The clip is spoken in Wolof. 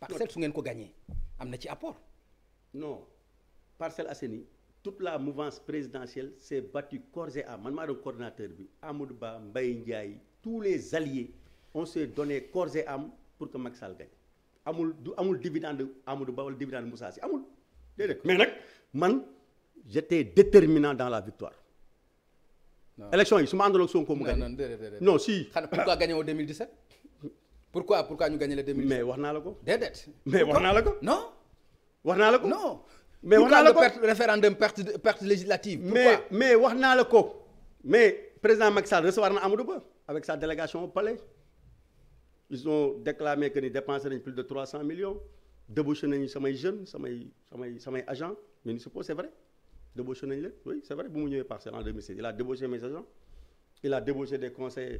parcelle su ngeen ko gagné am na ci apport. non Parcelles Assainies toute la mouvance présidentielle s'est battue corps et man maa doon coordonnateur bi Amadou Ba mbay Ndiaye tous les alliés on s'est donné corps et pour que Macky Sall gagne amul du amul dividende Amadou Ba wala dividende Moussa Sy amul déedéet mais nag man j'étais déterminant dans la victoire. élection yi su ma àndaloon Sonko mu gagne non si. xanaa pourquoi gagné wu pourquoi pourquoi ñu gagné le 2000. mais wax naa la ko. déedéet. mais wax naa la ko. non. wax naa la ko non. mais wax naa la ko perte référendum perte perte législative. pourquoi mais mais naa la ko mais président Macky Sall recevoir na Amadou Ba avec sa délégation au palais ils ont déclamé que ni dépensé nañ plus de 300 millions débauché nañu samay jeunes samay samay samay agents municipaux c'est vrai débauché nañ leen oui c'est vrai bu mu ñëwee parcelle en 2016 il a débauché mes agents il a débauché des conseillers.